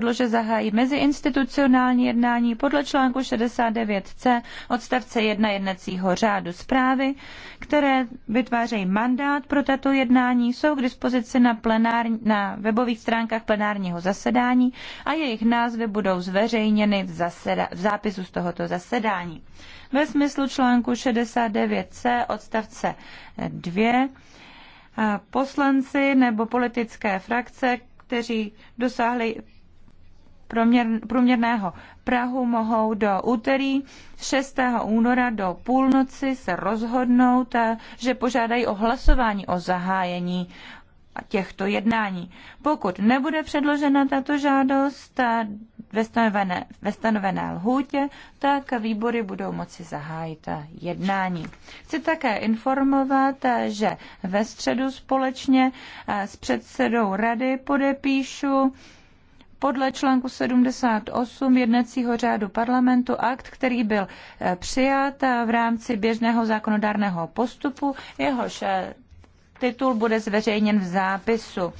rozhodl, že zahájí meziinstitucionální jednání podle článku 69c odstavce 1 jednacího řádu zprávy, které vytvářejí mandát pro tato jednání, jsou k dispozici na, plenární, na webových stránkách plenárního zasedání a jejich názvy budou zveřejněny v, zaseda, v zápisu z tohoto zasedání. Ve smyslu článku 69c odstavce 2 poslanci nebo politické frakce, kteří dosáhli proměr, průměrného Prahu mohou do úterý 6. února do půlnoci se rozhodnout, eh, že požádají o hlasování o zahájení těchto jednání. Pokud nebude předložena tato žádost eh, ve stanovené, ve stanovené lhůtě, tak výbory budou moci zahájit eh, jednání. Chci také informovat, že ve středu společně s předsedou rady podepíšu podle článku 78 jednacího řádu parlamentu akt, který byl eh, přijat eh, v rámci běžného zákonodárného postupu, jehož eh, titul bude zveřejněn v zápisu.